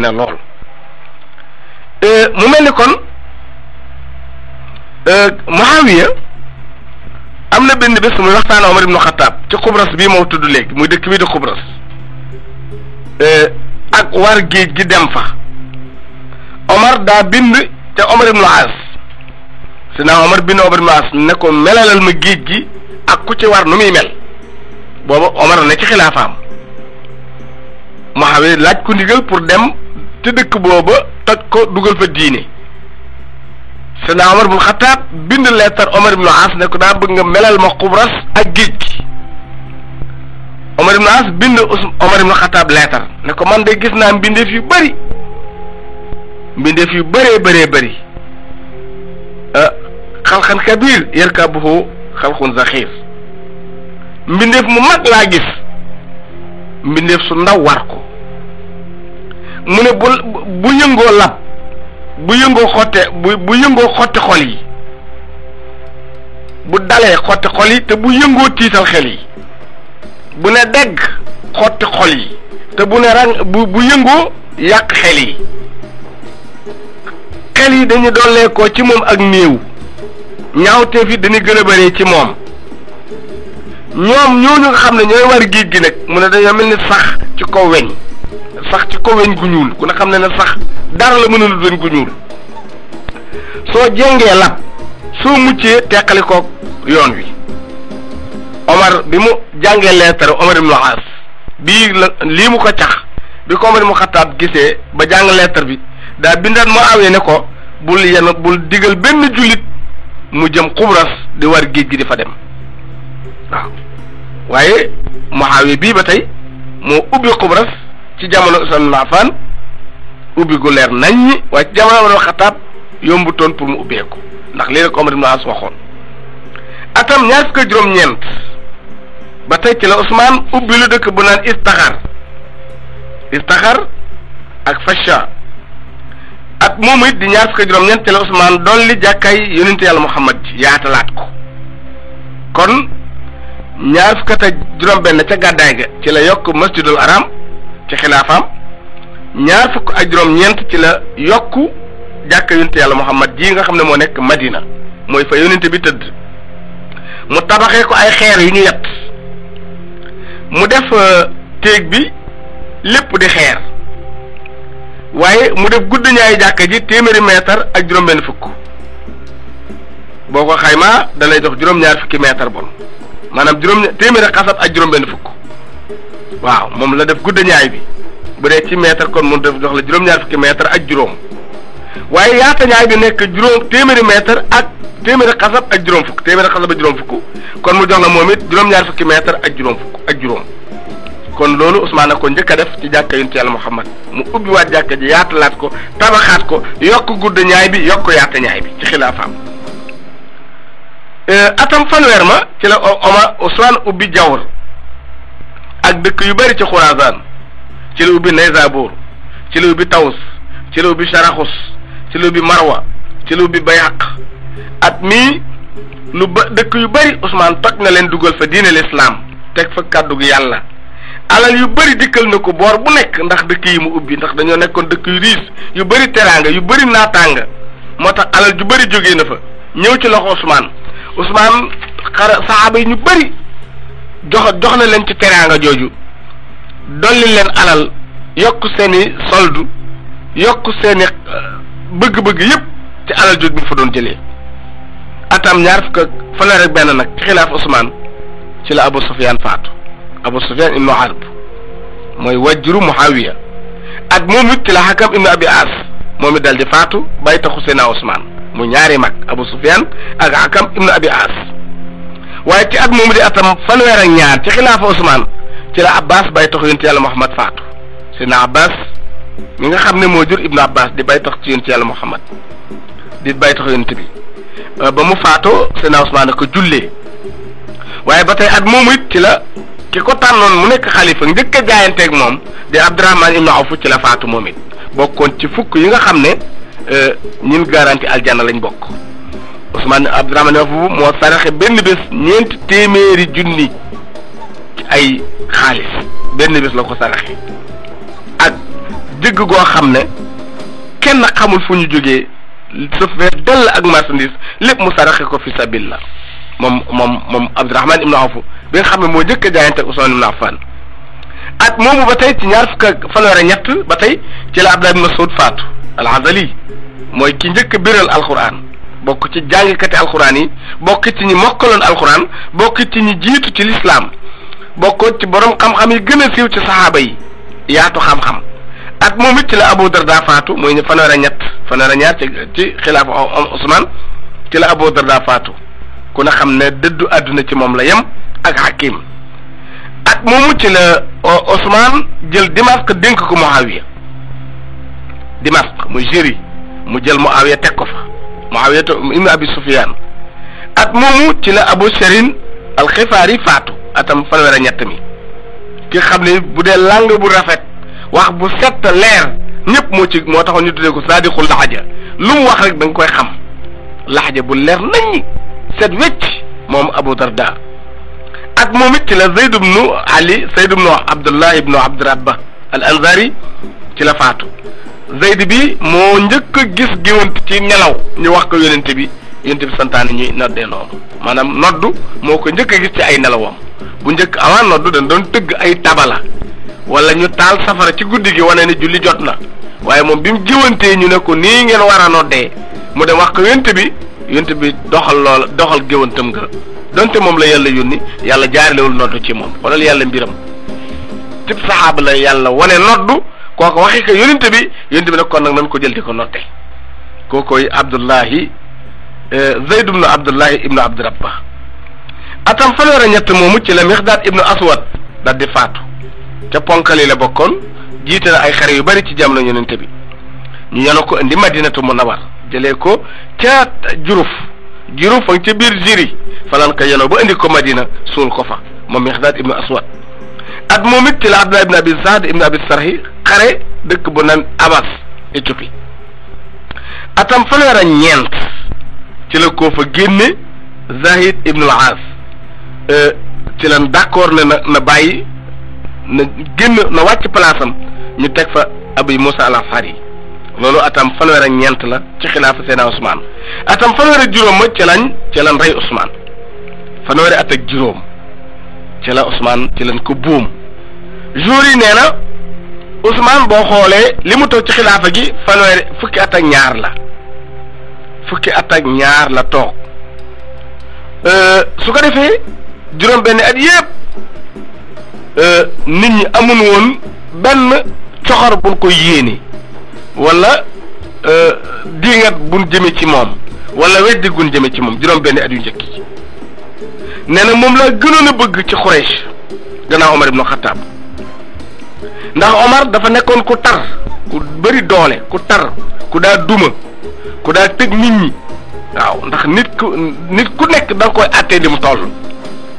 na lool euh, mu mel ni kon euh, Muawiya am na benn bés muy waxtaan Omar ibnu Xataab ci Xubras bii moo tudd léegi muy dëkk bii di Xubras euh, ak war géej gi dem fa Omar daa bind ca Omar ibnu As si naa Omar bind Omar ibnu As ne ko melalal ma géej gi ak ku ci war nu muy mel booba Omar ne ci xilaafaam Muawiya laaj ko ndigal pour dem te dëkk booba toj ko dugal fa diine Seydina Omar bul Xataab bind leetar Omar ibnu ne ko daa bëgg nga melal ma xubras ak géej gi Omar ibnu bind Omar ibnu Xataab leetar ne ko man de gis naa mbindeef yu bëri mbindeef yu bëree bëree bëri ah, xalxan kabir yarkabuhu xalxun zaxir mbindeef mu mag laa gis mbindeef su ndaw war ko mu ne bu bu yëngoo lab bu yëngoo xotte bu bu yëngoo xotti xol yi bu dalee xotti xol yi te bu yëngoo tiital xel yi bu ne degg xotti xol yi te bu ne rang bu bu yëngoo yàq xel yi xel yi dañu dollee ko ci moom ak néew ñaawteef yi dañu gën a bëree ci moom ñoom ñoo nga xam ne ñooy war géej gi nag mu ne dañoo mel ni sax ci kaw weñ sax ci ko weñ gu ñuul ku ne xam ne ne sax dara la mën a lu weñ gu ñuul soo jengee lab soo muccee teqali koog yoon wi Omar bi mu jàngee leetar Omar ibn Al-As bii la lii mu ko cax bi ko Omar ibn Xattaab gisee ba jàng leetar bi daa bindaat Muawiya ne ko bul yenn bul digal benn jullit mu jëm xubras di war géej gi di dem waaw waaye Muawiya bii ba tey moo ubbi xubras ci jamono Usmaan ibn Affaan ubbi gu leer nañ ñi waaye ci jamono Umar ibn Xattaab yombutoon pour mu ubbeeku ndax lii rek Omar ibn As waxoon atam ñaar fukk ak juróom-ñeent ba tey ci la Usmaan ubbi lu dëkk bu naan istaxar istaxar ak fasha at moom it di ñaar fukk ak juróom-ñeent ci la Usmaan dolli jàkkaay yonente yàlla Muhammad ji yaatalaat ko kon ñaar fukk ak juróom-benn ca gàddaay ga ci la yokk masjidul haram ci xilaafaam ñaar fukk ak juróom-ñeent ci la yokku jàkka yonent yàlla Muhammad ji nga xam ne moo nekk Madina mooy fa yonent bi tëdd mu tabaxee ko ay xeer yu ñu yett mu def euh, téeg bi lépp di xeer waaye mu def gudd ñaay jàkka ji téeméeri mètre ak juróom-benn fukk boo ko xaymaa dalay lay jox juróom-ñaar fukki mètre bon maanaam juróom téeméeri xasab ak juróom-benn fukk. waaw moom la def gudda ñaay bi bu dee ci mètre kon mu def jox la juróom-ñaar fukki mètre ak juróom waaye yaata ñaay bi nekk juróom téeméeri mètre ak téeméeri xasab ak juróom fukk téeméeri xasab ak juróom fukk kon mu jox la moom it juróom-ñaar fukki mètre ak juróom fukk ak juróom kon loolu Ousmane a ko njëkk a def ci jàkka yonent Yàlla Muhammad mu ubbiwaat jàkka ji yaatalaat ko tabaxaat ko yokk gudda ñaay bi yokk yaata ñaay bi ci xilaafaam euh, atam fanweer ma ci la ubbi jawr ak dëkk yu bari ci xuraasaan ci la ubbi Naysaabuur ci la ubbi Taws ci la ubbi Saraxus ci la ubbi Marwa ci la ubbi Bayaq at mii lu ba dëkk yu bari Ousmane toj na leen dugal fa diine lislaam teg fa kàddu gi yàlla alal yu bari dikkal na ko boor bu nekk ndax dëkk yi mu ubbi ndax dañoo nekkoon dëkk yu riis yu bari teraanga yu bari naataanga moo tax alal yu bari jóge na fa ñëw ci loxo Ousmane Ousmane xara saxaaba yi ñu bari jox jox na leen ci teraanga jooju dolli leen alal yokk seeni soldu yokk seeni euh, bëgg-bëgg yépp ci alal jooju bi fa doon jële atam ñaar fukk ak fanweer ak benn nag xilaaf Ousmane ci la Abu Sufyaan faatu Abu Sufyaan ibnu Harb mooy wajjuru Muawiya at moom it ci la Hakam ibnu Abi As moom mi dal di faatu bay taxu Seydina Ousmane mu ñaari mag Abu Sufyaan ak Hakam ibnu Abi As waaye ci at moomu di atam fanweer ak ñaar ci xilaafa Ousmane ci la Abbas bay tax yonent yàlla Muhammad faatu Seydina Abbas mi nga xam ne moo jur Ibnu Abbas di bay tax ci yonent yàlla Muhammad di bay tax yonent bi euh, ba mu faatoo Seydina Ousmane ko jullee waaye ba tey at moomu it ci la ki ko tànnoon mu nekk xalifa njëkk a jaayanteeg moom di Abdurahmaan ibnu Awf ci la faatu moom it bokkoon ci fukk yi nga xam ne euh, ñun garanti aljanna lañ bokk. Ousmane Abdourahmane Afu moo saraxe benn bés ñeenti téeméeri junni ci ay xaalis benn bés la ko saraxe ak jëgg goo xam ne kenn xamul fu ñu jógee sa fees dell ak marchandise lépp mu saraxe ko fi sabilillah moom moom moom Abdourahmane Ibn Awf bi nga xam ne moo njëkk a jaayante ak Ousmane Ibn Affan at moomu ba tey ci ñaar ak fanweer a ñett ba tey ci la Abdallah ibn Mas'ud faatu al-Azali mooy ki njëkk a biral alquran bokk ci jàngkati alxuraan yi bokk ci ñi mokkaloon alxuraan bokk ci ñi jiitu ci lislaam bokk ci boroom xam-xam yi gën a siiw ci saxaaba yi yaatu xam-xam at moom it ci la Abu Darda faatu mooy ñu fanweer a ñett fanweer a ñaar ci ci xilaafa Usmaan ci la Abu Darda faatu ku ne xam ne dëddu àdduna ci moom la yem ak Hakim at moomu ci la jël Damas dénk ko Muawiya Damas muy Syrie mu jël Muawiya teg ko fa. Muawiyata ibn Abi Sufyaan at moomu ci la Abu Serin alxifaar yi faatu atam fanweer a ñett mi ki xam ne bu dee langue bu rafet wax bu set leer ñëpp moo ci moo taxoon ñu tuddee ko saadiqul laxaja lu mu wax rek da koy xam laxaja bu leer naññi set wecc moom Abu Darda at moom it ci la Zayd ibnu Ali Zayd ibnu Abdullah ibnu Abdirabba al Ansaari ci la faatu Zayd bi moo njëkk a gis géwant ci nelaw ñu wax ko yonent bi yonent bi santaane ñuy noddee noonu maanaam noddu moo ko njëkk a gis ci ay nelawam bu njëkk avant noddu dañ doon tëgg ay tabala wala ñu taal safara ci guddi gi wane ne julli jot na waaye moom bi mu géwantee ñu ne ko nii ngeen war a noddee mu dem wax ko yonent bi yonent bi doxal loola doxal géwantam nga donte moom la yàlla yónni yàlla jaaralewul noddu ci moom xoolal yàlla mbiram cib saxaaba la yàlla kooku waxi ko yonent bi yonent bi nag kon nag nañ ko jël di ko notte kookoy abdullahi eh, zayd ibnu abdullahi ibnu abdirabba atam fanweer a ñett moomu la mixdaat ibnu aswad daal di faatu ca ponkali la bokkoon jiite na ay xare yu bari ci jamono yonent bi ñu yenu ko indi madinatu munawar jëlee ko ca juruf juruf fa nga ca biir jiri falan ko yenoo indi ko madina suul ko fa moom mixdaat ibnu aswad at moom it ci la Abdullah ibn Abi Saad ibn Abi Sarhi xare dëkk bu naan Abbas Éthiopie atam fanweer ak ñeent ci la ko fa génne Zahid ibn al-Aas euh, ci lan d'accord ne na na bàyyi na génn na wàcc place ñu teg fa Abi Moussa al-Ashari loolu atam fanweer ak ñeent la ci xilaafa Seydina Ousmane atam fanweer ak juróom ma ci lañ ci lan rey Ousmane fanweeri at ak juróom. ci la Ousmane ci lañ ko buum jour yi nee na Ousmane boo xoolee li mu toog ci xilaafa gi fanweeri fukki at ak ñaar la fukki at ak ñaar la toog euh, su ko defee juróom benn at yépp euh, nit ñi amun woon benn coxor buñ ko yéene wala euh, diingat buñ jëme ci moom wala weddi gun jëme ci moom juróom benn at yu njëkk nee na moom laa gënoon a bëgg ci Quraysh gannaaw Omar ibn Khattab ndax Omar dafa nekkoon ku tar ku bëri doole ku tar ku daa duma ku daa tëg nit ñi waaw ndax nit ku nit ku nekk da nga koy àttee li mu toll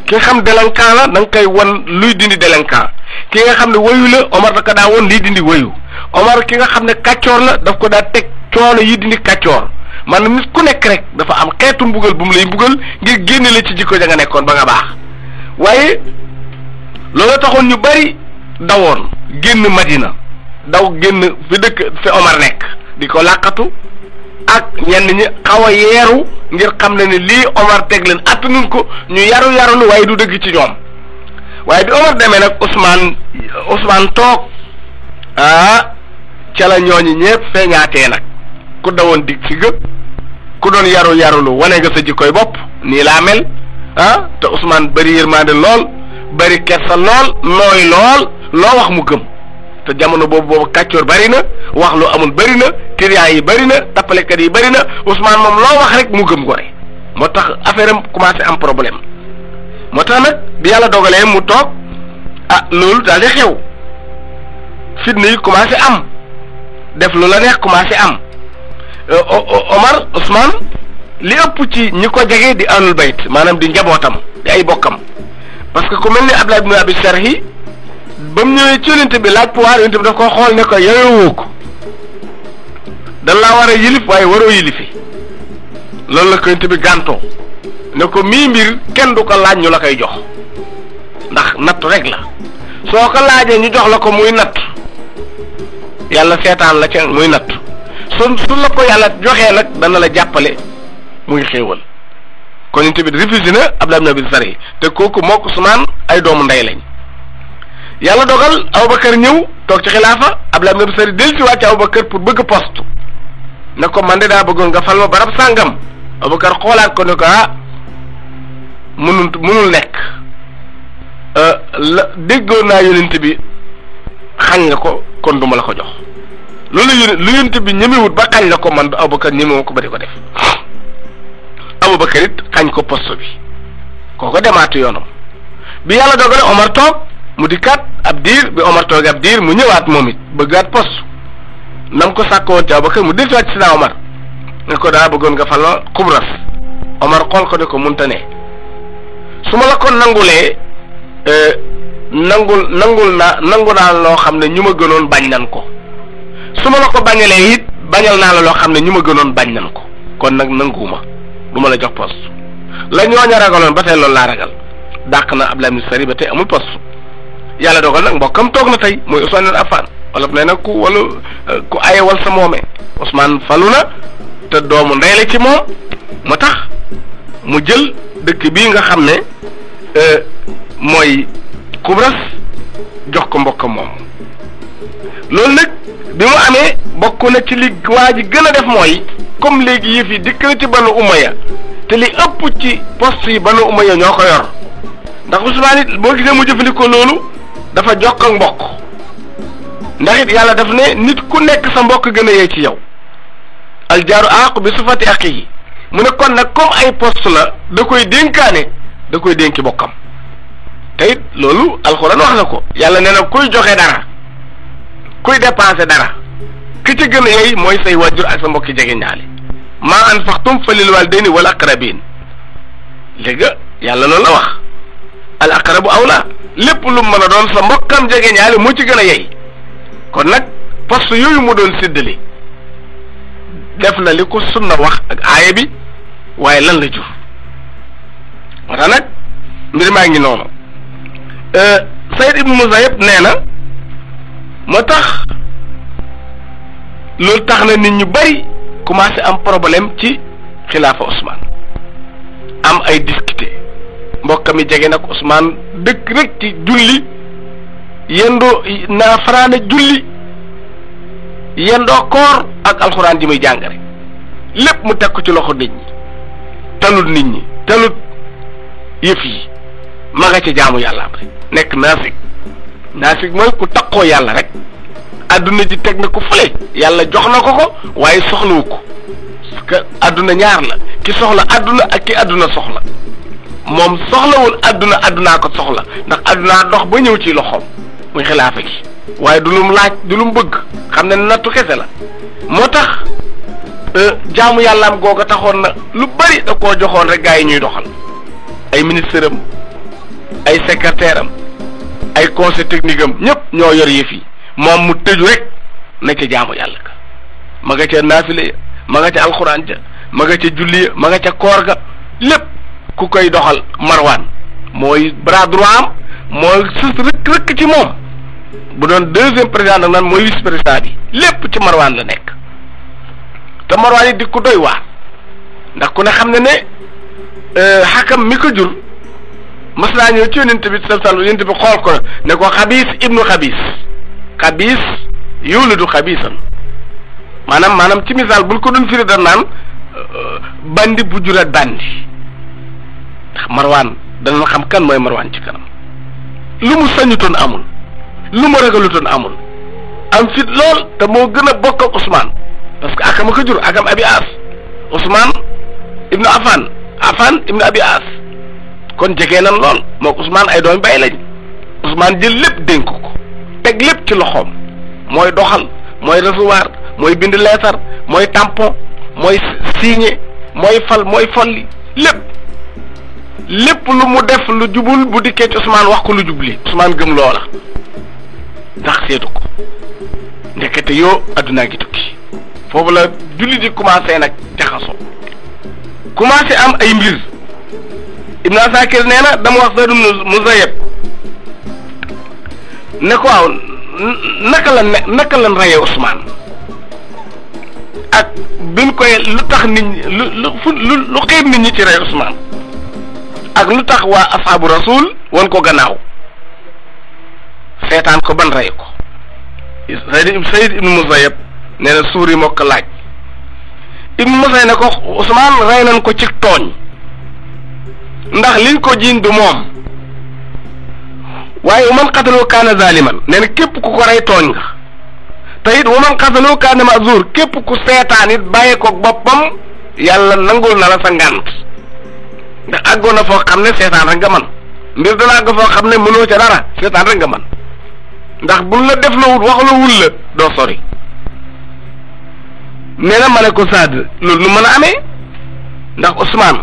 ki nga xam délinquant la da koy wan luy dindi délinquant ki nga xam ne wayu la Omar da ko daa woon lii dindi wayu Omar ki nga xam ne kàccoor la daf ko daa teg coono yi dindi kàccoor maanaam nit ku nekk rek dafa am xeetu mbugal bu mu lay mbugal ngir génne la ci jikko ja nga nekkoon ba nga baax waaye loola taxoon ñu bari dawoon génn Madina daw génn fi dëkk fi Omar nekk di ko làqatu ak ñenn ñi xaw yeeru ngir xam ne ne lii Omar teg leen attanuñ ko ñu yaru yarulu waaye du dëgg ci ñoom waaye di Omar demee nag Ousmane Ousmane toog ah ca la ñooñu ñëpp feeñaatee nag ku dawoon dig si gëpp ku doon yaru yarulu wane nga sa jikkoy bopp nii laa mel ah te Ousmane bëri yërmande lool bëri kersa lool nooy lool loo wax mu gëm te jamono boobu boobu kàccoor bari na wax lu amul bëri na tiriyaay yi bëri na tappalekat yi bëri na Ousmane moom loo wax rek mu gëm gore moo tax affaire am commencé am problème moo tax nag bi yàlla dogalee mu toog ah loolu daal di xew fitna yi commencé am def lu la neex commencé am. Euh, Omar Ousmane li ëpp ci ñi ko jege di ahlul bayt maanaam di njabootam di ay bokkam parce que ku mel ni Abdallah ibn Abi Sarhi ba mu ñëwee ci bi laaj pouvoir yonent bi daf ko xool ne ko yeyoo ko dan laa war a yilif waaye waroo yilifi loolu la ko bi gàntoo ne ko mii mbir kenn du ko laaj ñu la koy jox ndax natt rek la soo ko laajee ñu jox la ko muy natt yàlla seetaan la ca muy natt su su la ko yàlla joxee nag dana la jàppale muy xéewal kon ñu tamit refusé na Abdullah ibn Abi Sarh te kooku mook Usmaan ay doomu ndey lañ yàlla dogal kër ñëw toog ci xilaafa Abdullah ibn Abi Sarh del si wàcc Aboubacar pour bëgg poste na ko man de daa bëggoon nga fal ma barab sàngam Aboubacar xoolaat ko ne ko ah munul munul nekk euh, la déggoon naa yonent bi xañ nga ko kon duma la ko jox loolu yu lu yonent bi ñemewut ba xañ la ko man Aboubacar ñemewuma ko ba di ko def Aboubacar it xañ ko poste bi kooko demaatu yoonam bi yàlla dogale Omar toog mu dikkaat ab diir bi Omar toog ab diir mu ñëwaat moom it bëggaat poste nam ko sàkkoon ci Aboubacar mu delluwaat ci Sidna Omar ne ko daa bëggoon nga fal la xubras Omar xool ko ne ko munta ne su ma la ko nangulee eh, nangul nangul naa nangu naa loo xam ne ñu ma gënoon bañ nan ko su ma la ko bañalee it bañal naa la loo xam ne ñu ma gënoon bañ nan ko kon nag ma du ma la jox poste la ñooña ragaloon ba tey loolu laa ragal dàq na ab Ibn Sari ba tey amul poste yàlla dogal nag mbokkam toog na tey mooy Ousmane Ibn Affan wala na ku wala ku ayewal sa moome Ousmane falu na te doomu ndey la ci moom moo tax mu jël dëkk bii nga xam ne euh, mooy Kubras jox ko mbokkam moom loolu nag bi mu amee bokk na ci li waa ji gën a def mooy comme léegi yëf yi dikk na ci banu umaya te li ëpp ci poste yi banu umaya ñoo ko yor ndax Usmaan it boo gisee mu jëfandikoo loolu dafa jokk ak mbokk ndax it yàlla daf ne nit ku nekk sa mbokk gën a yee ci yow aljaaru aaqu bi sifati aqihi mu ne kon nag comme ay post la da koy dénkaane da koy dénki bokkam te it loolu alxuraan wax na ko yàlla nee na kuy joxe dara kuy dépensé dara ki ci gën a yey mooy say waajur ak sa mbokki jege ñaali maa anfaqtum falil waldayni wal aqrabin léegi yàlla loolu la wax al aw awla lépp lu mën a doon sa mbokkam jege ñaali mu ci gën a yey kon nag poste yooyu mu doon siddali def na li ko sunna wax ak aaya bi waaye lan la jur moo nag mbir maa ngi noonu euh, Sayd ibnu Musayyab nee na moo tax loolu tax na nit ñu bari commencé am problème ci xilaafa Ousmane am ay discuter mbokk mi jege nag Ousmane dëkk rek ci julli yendoo naa faraana julli yendoo koor ak alxuraan ji muy jàngare lépp mu teg ko ci loxo nit ñi talut nit ñi talut yëf yi ma nga ci jaamu yàlla am rek nekk naafik naa fi mooy ku taqoo yàlla rek àdduna ji teg na ko fële yàlla jox na ko ko waaye soxlawu ko parce que adduna ñaar la ki soxla àdduna ak ki adduna soxla moom soxlawul àdduna àddunaa ko soxla ndax àddunaa dox ba ñëw ci loxoom muy xilaafa gi waaye du lum laaj du lum bëgg xam ne nattu kese la moo tax euh, jaamu yàllaam googa taxoon na lu bari da koo joxoon rek gaa yi ñuy doxal ay ministre am ay secrétaire ay conseil technique am ñëpp ñoo yor yëf yi moom mu tëju rek na ca jaamu yàlla ka ma nga ca naafile ya ma nga ca alxuraan ja ma nga ca julli ya ma nga ca koor ga lépp ku koy doxal marwaan mooy bras droit am mooy rëkk rëkk ci moom bu doon deuxième président nag naan mooy vice président bi lépp ci marwaan la nekk te marwaan yi di doy waar ndax ku ne xam ne ne euh, xakam mi ko jur mas naa ñëw ci yonent bi sal sal yonent bi xool ko ne ko xabiis ibnu xabiis xabiis yóoludu xabiisan maanaam maanaam ci misaal bul ko doon firi da naan euh, bandi bu juraat bandi ndax marwaan danañ xam kan mooy marwaan ci kanam lu mu sañutoon amul lu mu ragalutoon amul am fit lool te moo gën a bokk ak Ousmane parce que akam a akam abi aas ibnu Afan Afan ibnu abi kon jegee nan lool moo Ousmane ay doom bay lañ Ousmane jël lépp dénk ko teg lépp ci loxoom mooy doxal mooy recevoir mooy bind leetar mooy tampon mooy signé mooy fal mooy folli lépp lépp lu mu def lu jubul bu dikkee ci Ousmane wax ko lu jubli Ousmane gëm loola ndax seetu ko ndekete yoo addunaa gi tukki foofu la julli di commencé nag jaxasoo commencé am ay mbir Ibn Asakir nee na dama wax Zayd ibn Muzayyab ne ko waaw naka la ne naka lan reyee Ousmane ak biñ koy lu tax nit ñi lu lu fu nit ñi ci rey Ousmane ak lu tax waa asxaabu rasul wan ko gannaaw seetaan ko ban rey ko Zayd Zayd ibn Muzayyab nee na suur yi moo ko laaj Ibn Muzayyab ne ko Ousmane rey nañ ko ci tooñ ndax liñ ko jiiñ du moom waaye wa man xataloo kaana zaaliman nee na képp ku ko rey tooñ nga te it wa man xataloo képp ku seetaan it bàyyi ko boppam yàlla nangul na la sa ngànt ndax àggoon na foo xam ne seetaan rek nga man mbir danaa ko foo xam ne mënoo ca dara seetaan rek nga man ndax buñ la def la wut wax la wul la doo sori nee na ma ne ko Saad loolu nu mën a ame ndax Ousmane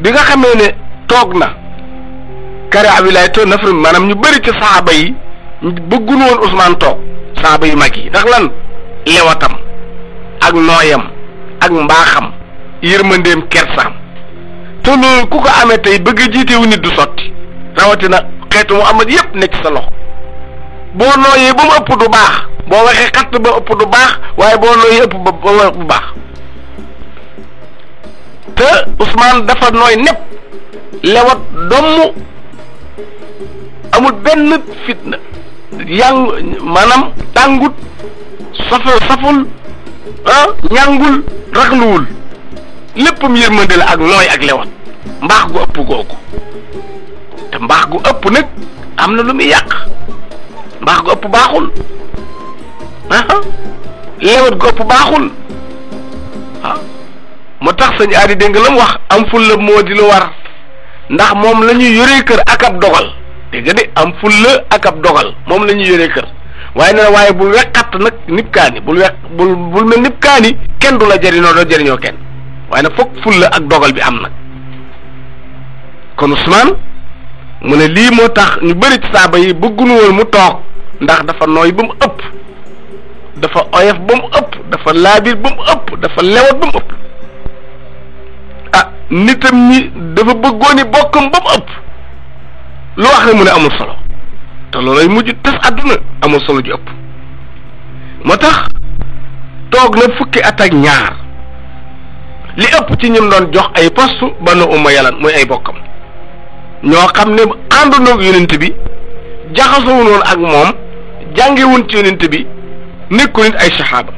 bi nga xamee ne toog na kare abilaay na nafar maanaam ñu bëri ci saaba yi bëggul woon Ousmane toog saaba yu mag yi ndax lan lewatam ak nooyam ak mbaaxam yërmandeem kersaam te loolu ku ko amee tey bëgg jiitewu nit du sotti rawatina xeetu mu amat yépp nekk sa loxo boo nooyee ba mu ëpp du baax boo waxee xatt ba ëpp du baax waaye boo nooyee ëpp ba bu baax te Ousmane dafa nooy nepp lewat domm amul benn fitna yàng maanaam tàngut saful saful ah ñàngul ragluwul léppam yërmande ak nooy ak lewat mbaax gu ëpp googu te mbaax gu ëpp nag am na lu muy yàq mbaax gu ëpp baaxul ah, ah. lewat gu ëpp baaxul ah. moo tax sëñ aadi dégg nga la mu wax am fulla moo di lu war ndax moom lañuy yore kër ak ab dogal dégg nga de am fulla ak ab dogal moom lañuy yore yoree kër waaye nee na waaye bul weqat nag nib kaani bul weq bul bul mel nib kaani kenn du la jëriñoo doo jëriñoo kenn waaye nag foog fulla ak dogal bi am nag kon Ousmane mu ne lii moo tax ñu bëri ci saaba yi bëggunu woon mu toog ndax dafa nooy ba mu ëpp dafa oyof ba mu ëpp dafa laabir ba mu ëpp dafa lewat ba mu ëpp nitam ñi dafa bëggooni bokkam ba ëpp lu wax ne mu ne amul solo te loolay mujj tas àdduna amul solo ju ëpp moo tax toog na fukki at ak ñaar li ëpp ci ñim doon jox ay poste ba nu umma yalan muy ay bokkam ñoo xam ne àndunoog yonent bi jaxasowunoon ak moom jàngewun ci yonent bi nekkul nit ay saxaaba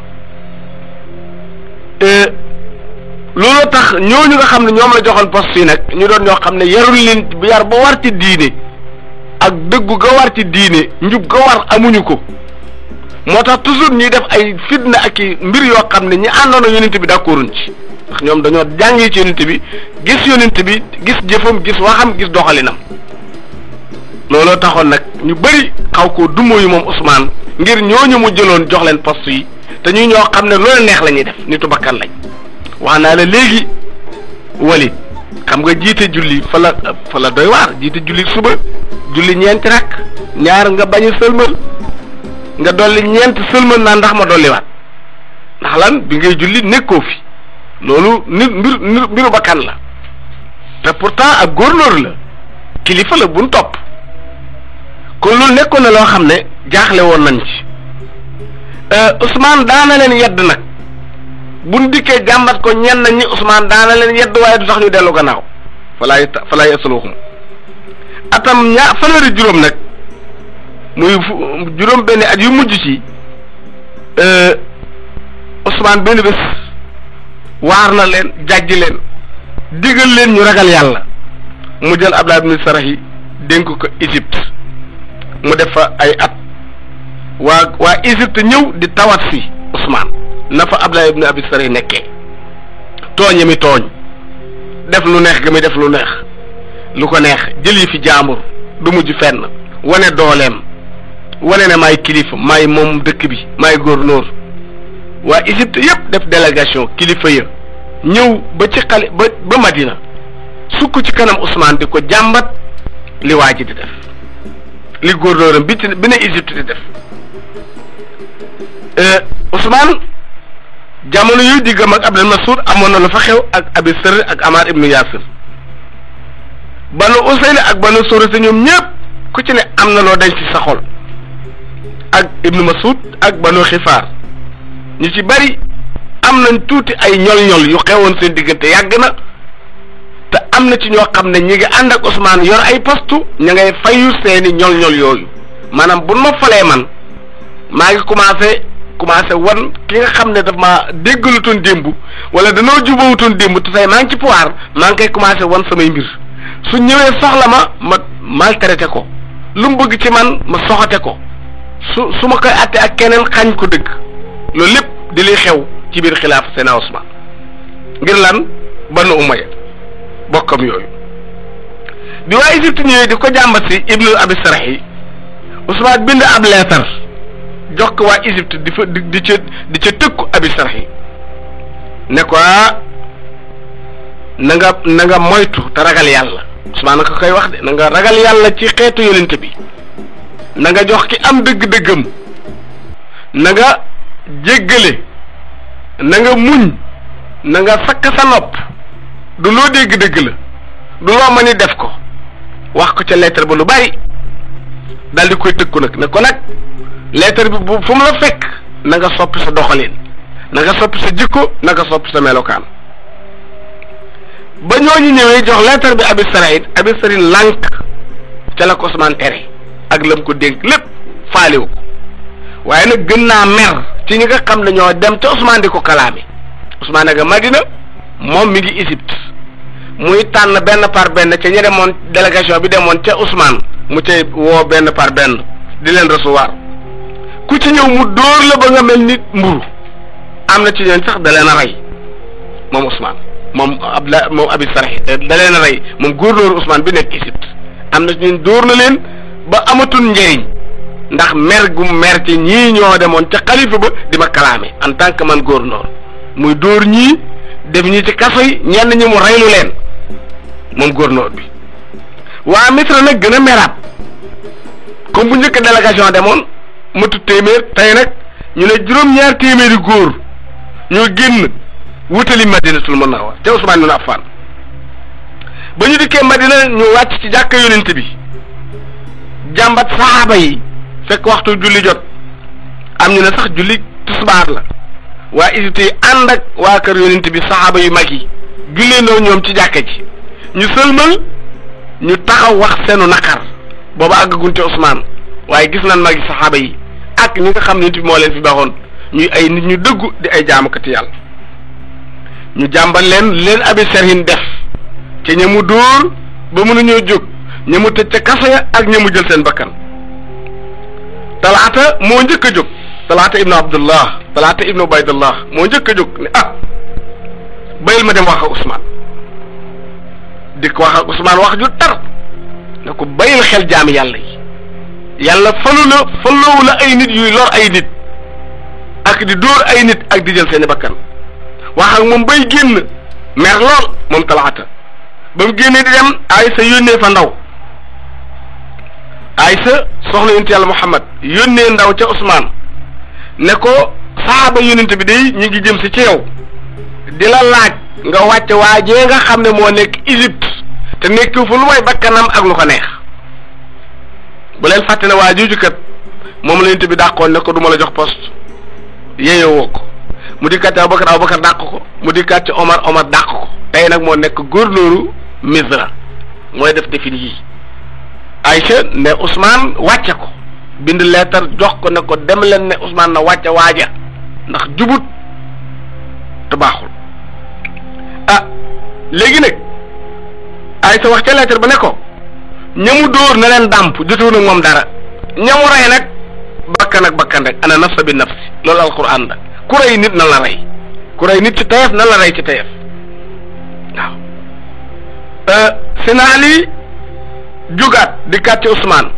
loolu tax ñooñu nga xam ne ñoom la joxoon poste yi nag ñu doon ñoo xam ne yarul leen yar ba war ci diine ak dëggu ga war ci diine njub ga amuñu ko moo tax toujours ñuy def ay fitna ak i mbir yoo xam ne ñu àndoon ak bi d'accorduñ ci ndax ñoom dañoo jàngee ci yonent bi gis yonent bi gis jëfam gis waxam gis doxalinam looloo taxoon nag ñu bëri xaw ko dumo yi moom Ousmane ngir ñooñu mu jëloon jox leen poste yi te ñuy ñoo xam ne loolu neex la ñuy def nitu bakkan lañ waa naa la léegi wali xam nga jiite julli fa la fa la doy waar jiite julli suba julli ñeenti rakk ñaar nga bañ a sëlmal nga dolli ñeent sëlmal naa ndax ma dolliwaat ndax lan bi ngay julli nekkoo fi loolu nit mbir mbiru bakkan la te pourtant ak góorlóor la kilifa la buñ topp kon loolu nekkoon na loo xam ne jaaxle woon nañ ci euh, Ousmane daana leen yedd nag bu dikkee jàmbat ko ñenn ñi Ousmane daana leen yedd waaye du tax ñu dellu gannaaw falaay falaay asaluhum atam ñaa fanweeri juróom nag muy juróom benn at yu mujj ci euh, Ousmane benn bés waar na leen jàjji leen digal leen ñu ragal yàlla mu jël Abdallah ibn Sarahi dénk ko Égypte mu def fa ay at waa waa Égypte ñëw di tawat si Ousmane na fa Abdallah ibn Abi Sarh tooñe mi tooñ def lu neex ga mi def lu neex lu ko neex jël yi fi jaambur du mujj fenn wane dooleem wane ne maay kilifa maay moom dëkk bi maay gouverneur waa Égypte yëpp def délégation kilifa ya ñëw ba ci xale ba ba Madina sukk ci kanam Ousmane di ko jàmbat li waa ji di def li gouverneuram bi ci bi ne Égypte di def euh, Ousmane jamono yooyu diggam ak Abdel Masud amoon na lu fa xew ak Abi Sarr ak Amar ibnu Yasir banu Usayl ak banu Suraysa ñoom ñëpp ku ci ne am na loo denc ci sa xol ak ibnu Masud ak banu Xifaar ñu ci bari am nañ tuuti ay ñol-ñol yu xewoon seen diggante yàgg na te am na ci ñoo xam ne ñi ngi ànd ak Ousmane yor ay postu ña ngay fayu seeni ñol-ñol yooyu maanaam bu ma falee man maa ngi commencé. commencé wan ki nga xam ne daf maa déggalutoon démb wala danoo jubawutoon démb te tey maa ngi ci pouvoir maa ngi koy commencé wan samay mbir su ñëwee soxla ma ma maltraité ko lu mu bëgg ci man ma soxate ko su su ma koy àtte ak keneen xañ ko dëgg loolu lépp di lay xew ci biir xilaaf Seydina Ousmane ngir lan Banu Umayya bokkam yooyu bi waa Égypte ñëwee di ko jàmbat si Ibnu Abi Sarax yi Ousmane bind ab leetar jox ko waa Égypte di fa di ca di ca tëkku abi sarxi ne ko ah, na nga na moytu te ragal yàlla Usmaan ko koy wax de na ragal yàlla ci xeetu yonent bi nanga jox ki am dëgg-dëggam na nga jéggale nanga muñ nanga nga sakk sa nopp du loo dégg dëgg la du loo ma ni def ko wax ko ca lettre ba lu bari daal di koy tëkku nag ne ko nag lettre bi bu fu mu la fekk na nga sa doxalin nanga nga sa jikko na nga sa melokaan ba ñooñu ñëwee jox lettre bi abi saraid abi saraid lànk ca la ko Usmaan tere ak lam ko dénk lépp faalewu ko waaye nag gën naa mer ci ñi nga xam ne dem ca Usmaan di ko kalaami Usmaan a nga Madina moom mi ngi Égypte muy tànn benn par benn ca ñi demoon délégation bi demoon ca Ousmane mu cay woo benn par benn di leen recevoir ku ci ñëw mu dóor la ba nga mel nit mburu am na ci ñeen sax da leen a rey moom usmaan moom Abdoulaye moom Abi Sarh da leen a rey moom góornóoru Ousmane bi nekk Égypte am na ci ñeen dóor na leen ba amatul njëriñ ndax mer gu mer ci ñii ñoo demoon ca xalifa ba di ma kalaame en tant que man góornóor muy dóor ñii def ñi ci kaso yi ñenn ñi mu reylu leen moom góornóor bi waa Misra nag gën a meraat comme bu njëkk délégation demoon matut téeméer tey nag ñu ne juróom-ñaar téeméeri góor ñoo génn wutali madinatul munawwar te Usmaan ibn Affaan ba ñu dikkee madina ñu wàcc ci jàkka yonent bi jàmbat saaba yi fekk waxtu julli jot am ñu ne sax julli tisbaar la waa isité yi ànd ak waa kër yonent bi saaba yu mag yi jullee ndoo ñoom ci jàkka ji ñu sëlmal ñu taxaw wax seenu naqar booba àggagunte Usmaan waaye gis mag magi saxaaba yi ak ñi nga xam ne nit moo leen fi baaxoon ñuy ay nit ñu dëggu di ay jaamukati yàlla ñu jàmbal leen leen abi serhin def ca ña mu dóor ba mënuñoo jóg ña mu tëj ca kaso ya ak ña mu jël seen bakkan talaata moo njëkk a jóg talaata ibnu abdullah talaata ibnu ubaydullah moo njëkk a jóg ne ah bayil ma dem wax ak Ousmane dikk wax ak Ousmane wax ju tar ne ko bayil xel jaami yàlla yi yàlla falu la faloowu la ay nit yuy lor ay nit ak di dóor ay nit ak di jël seen i bakkan wax ak moom bay génn mer lool moom talaata ba mu génnee di dem Aysa yónnee fa ndaw Aysa soxna yonent yàlla Muhammad yónnee ndaw ca Ousmane ne ko saaba yonent bi day ñu ngi jëm si ci yow di la laaj nga wàcce waajee nga xam ne moo nekk Égypte te nekk fu lu may bakkanam ak lu ko neex bu leen fàtte ne waa jooju moom la nit bi dàqoon ne ko du ma la jox poste yeeyoo ko mu dikkaat ci Abubakar Abubakar dàq ko mu di ci Omar Omar dàq ko tey nag moo nekk góor góornóoru Misra mooy def defin yii Aïcha ne Ousmane wàcce ko bind leetar jox ko ne ko dem leen ne Ousmane na wàcce waaja ndax jubut te ah léegi nag Aïcha wax ca leetar ba ne ko ñamu dóor na leen dàmp jotul nag moom dara ñamu rey nag bakkan ak bakkan rek ana nafsa bi nafsi loolu alquran la ku rey nit na la rey ku rey nit ci tayef na la rey ci tayef waaw euh, sinaali jugaat di kàcce Ousmane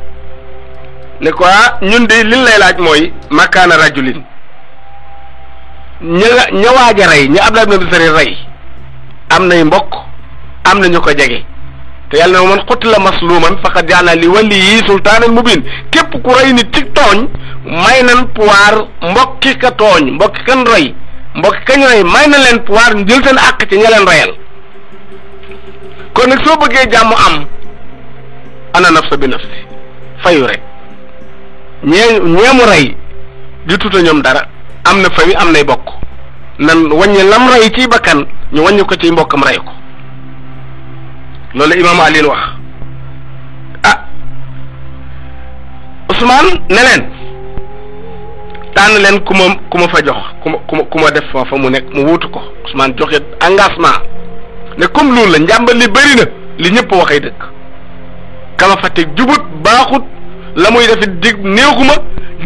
ne ko ah, ñun de liñ lay laaj mooy makkaana rajulin ña ña waaj a rey ña Abdallah ibn Abi Sarr rey am nay mbokk am na ñu ko jege te yàlla ne man xutila masluman faqad jaana li waliyi sultaanan mubin képp ku rey nit ci tooñ may nan pouvoir mbokki ka tooñ mbokki kan rey mbokki kañ rey may na leen pouvoir ñu jël seen àq ci ña leen reyal kon nag soo bëggee jàmm am ana nafsa bi nafsi fayu rek ñee ñeemu rey di tuta ñoom dara am na fayu am nay bokk nan wàññi lam rey ciy bakkan ñu wàññi ko ciy mbokkam rey ko loolu imaam Alioune wax a ah, Ousmane ne leen tànn leen ku ma ku ma fa jox ku ma ku ma ku ma def foofa mu nekk mu wutu ko Ousmane joxe engagement ne comme loolu la njàmbal li bëri na li ñëpp waxee dëkk kama fa teg jubut baaxut la muy def dig néexuma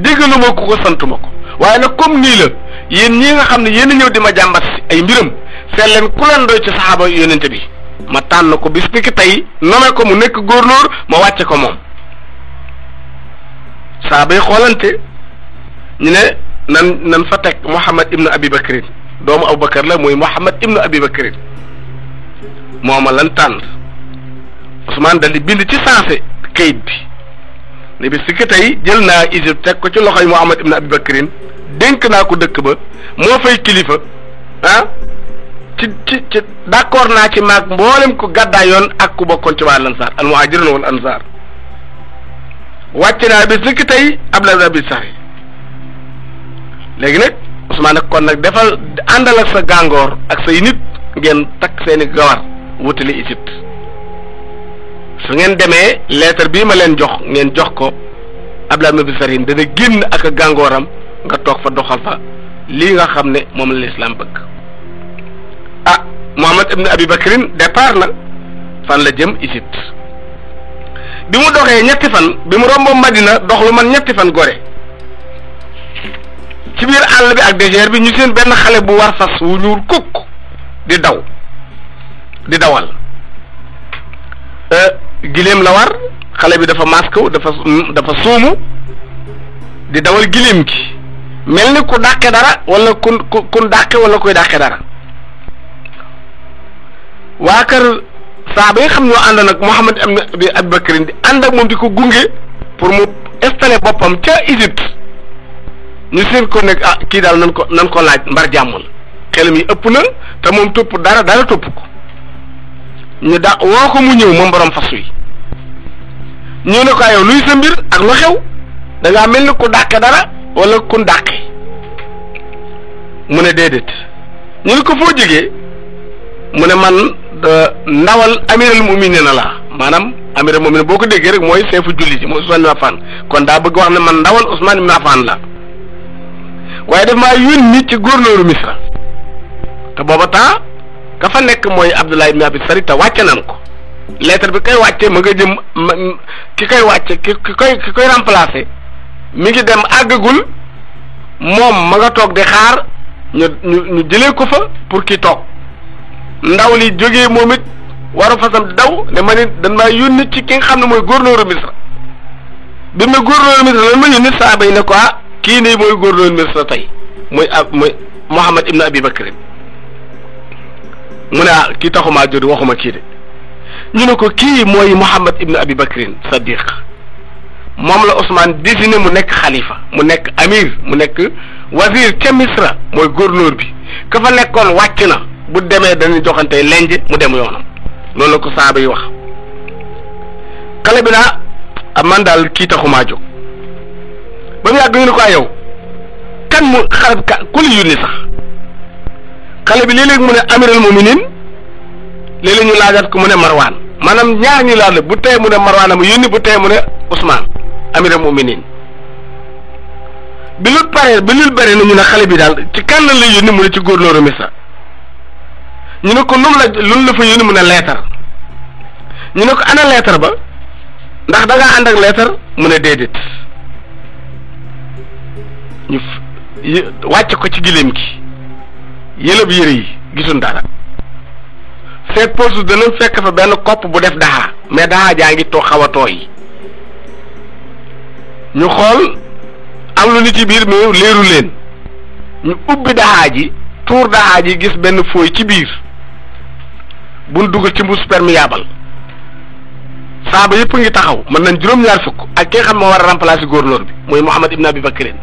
déggaluma ku ko santuma ko waaye nag comme nii la yéen ñii nga xam ne yéen ñëw di ma jàmbat si ay mbiram seet leen ku leen doy ci saxaaba yonente bi ma tànn ko bis bi ki tey nome ko mu nekk góor góornóor ma wàcce ko moom saa bay xoolante ñu ne nan nan fa teg Mouhamad ibnu Abi Bakrin doomu Aboubacar la mooy Mouhamad ibnu Abi Bakrin mooma lan tànn Ousmane dal bind ci saase kayit bi ne bis ki tey jël naa Égypte teg ko ci loxoy Mouhamad ibnu Abi Bakrin dénk naa ko dëkk ba moo fay kilifa ah ci ci ci d'accord naa ci maag mboolem ku gàddaay yoon ak ku bokkoon ci waa lansaar al muhaajirun wal ansaar wàcc naa bis ni ki tey Abdullah ibn Abi Sarh léegi nag Ousmane kon nag defal àndal ak sa gàngoor ak say nit ngeen takk seeni gawar wutali Égypte su ngeen demee leetar bii ma leen jox ngeen jox ko ab la Abi Sarh dana génn ak gàngooram nga toog fa doxal fa lii nga xam ne moom la lislaam bëgg Muhammad ibn Abi Bakrin départ na fan la jëm Égypte bi mu doxee ñetti fan bi mu rombo Madina dox lu man ñetti fan gore ci biir àll bi ak désert bi ñu seen benn xale bu war fas wu ñuul kukk di daw di dawal euh, giléem la war xale bi dafa maskaw dafa dafa suumu di dawal giléem gi mel ni ku dàqe dara wala kun kun dàqe wala koy dàqe dara waa kër saaba yi xam ñoo ànd nag Mouhamad ibn Abi Bakr di ànd ak moom di ko gunge pour mu installé boppam ca Égypte ñu seen ko nekk ah kii daal nan ko nan ko laaj mbar jàmmoon xelam yi ëpp na te moom topp dara dara topp ko ñu da woo ko mu ñëw moom borom fas wi ñëw ne ko ah, yow luy sa mbir ak lu xew da mel ni ku dàqe dara walla ku dàqe mu ne déedéet ñu ne ko foo jógee mu ne man. ndawal amiral mumine na la maanaam amiral mumine boo ko déggee rek mooy seefu julli ji mooy Ousmane ibn Affan kon daa bëgg wax na man ndawal Ousmane ibn Affan la waaye daf maa yónni ci gouverneur Misra te booba temps ka fa nekk mooy Abdoulaye ma Abi Sari te wàcce nan ko lettre bi koy wàcce ma nga jëm ki koy wàcce ki koy ki koy remplacer mi ngi dem àggagul moom ma nga toog di xaar ñu ñu ñu jëlee ko fa pour ki toog ndaw li jógee moom it waru fasam daw ne ma nit dañ ci ki xam ne mooy gouverneur Misra bi ma gouverneur Misra lan ma yónni saaba yi ne ko ah, kii nii mooy gouverneur Misra tey mooy ab muy Mouhamad Ibn Abi Bakrin mu ne ah waxuma kii de ko kii mooy Mouhamad Ibn Abi Bakrin Sadiq moom la Ousmane désigné mu nekk xalifa mu nekk amir mu nekk wazir ca Misra mooy gouverneur bi ka fa nekkoon wàcc na. bu demee dañu joxante lenj mu dem yoonam loolu la ko saaba yi wax xale bi naa am man daal kii taxumaa jóg ba mu yàgg ñu ne ko yow kan mu xale ka ku yu yónni sax xale bi léeg-léeg mu ne amiral muminin léeg-léeg ñu laajaat ku mu ne marwaan maanaam ñaar ñu laaj la bu tey mu ne marwaan am yónni bu tey mu ne Ousmane amiral muminin bi lu paree bi lu bari na ñu ne xale bi daal ci kan la la yónni mu ne ci góorlóoru Misa ñu ne ko lum la lun la fa yónni mën a leetar ñu ne ko ana leetar ba ndax da ngaa ak leetar mu ne déedéet ñu wàcc ko ci giléem gi yëlëb yére yi gisuñ dara seet poste dana fekk fa benn kopp bu def daxa mais daxa jaa ngi too xaw a tooy ñu xool am lu ni ci biir mais leeru leen ñu ubbi daxaa ji tuur daxaa ji gis benn fooy ci biir buñ dugal ci mbuus perméable saaba yëpp ngi taxaw mën nañ juróom-ñaar fukk ak ki xam moo war a remplacer góornóor bi mooy Mouhamad Ibn Abi Bakrin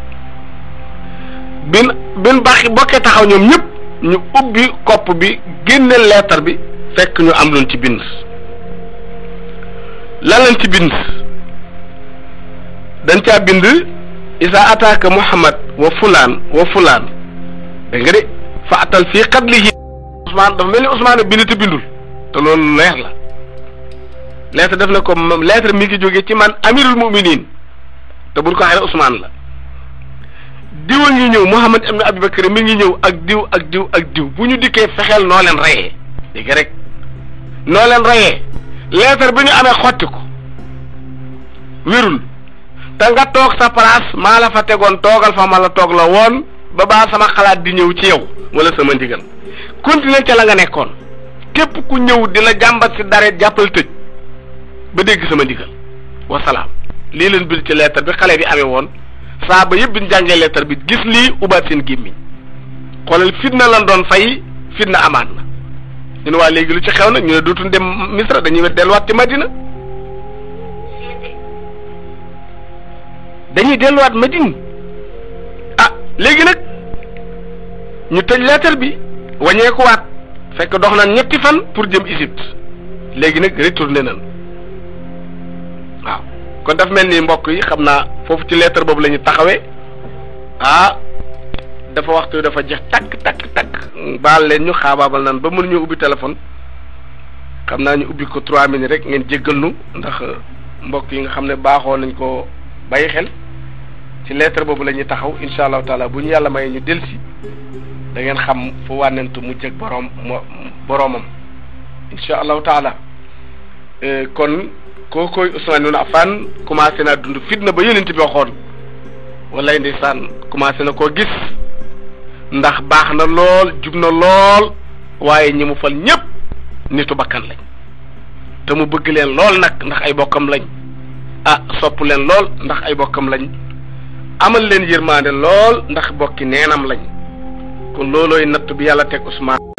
bin bin baax bokkee taxaw ñoom ñëpp ñu ubbi kopp bi génne leetar bi fekk ñu am luñ ci bind lan ci bind dañ ca bind isa ataaka Mouhamad wa fulaan wa fulaan da nga de fa atal fii xat lii Ousmane dafa mel ni Ousmane bind te bindul te loolu leer la lettre def na ko lettre mi ngi jóge ci man amirul muminin te buñ ko xare Ousmane la diw a ngi ñëw Mouhamad ibn Abi Bakr mi ngi ñëw ak diw ak diw ak diw bu ñu dikkee fexeel noo leen reyee léegi rek noo leen rayee lettre bi ñu amee xotti ko wérul te nga toog sa palaas maa la fa tegoon toogal fa ma la toog la woon ba baa sama xalaat di ñëw ci yow wala sama ndigal continuer ca la nga nekkoon képp ku ñëw dina la jàmbat si dara jàppal tëj ba dégg sama ndigal wasalaam lii leen bind ci lettre bi xale bi amee woon saaba ba yëpp bi ñu jàngee bi gis lii ubaat seen gémmiñ xoolal fitna lan doon fay fitna amaat na ñu ne waa léegi lu ci xew na ñu ne dootuñ dem Misra dañuy delluwaat ci Madina dañuy delluwaat Madina ah léegi nag ñu tëj lettre bi waññeekuwaat. fekk dox na ñetti fan pour jëm Égypte léegi nag retourné nañ waaw kon daf mel ni mbokk yi xam naa foofu ci lettre boobu lañuy ñu taxawee ah dafa waxtu dafa jeex takk takk takk baal leen ñu xaabaabal nan ba mënuñu ubbi téléphone xam naa ñu ubbi ko trois minutes rek ngeen jéggal nu ndax euh, mbokk yi nga xam ne baaxoo nañ ko bàyyi xel ci lettre boobu la ñuy taxaw incha allahu taala bu ñu yàlla may ñu delsi da ngeen xam fu wànnentu mu ak boroom mo boroomam incha allahu taala euh, kon kookoy Ousmane ibn Affan commencé naa dund fitna ba yonent bi waxoon wallay ndeysaan commencé na koo gis ndax baax na lool jub na lool waaye ñi mu fal ñépp nitu bakkan lañ te mu bëgg leen lool nag ndax ay bokkam lañ a ah, sopp leen lool ndax ay bokkam lañ amal leen yërmaande lool ndax bokki neenam lañ kon loolooy natt bi yàlla teg Ousmane.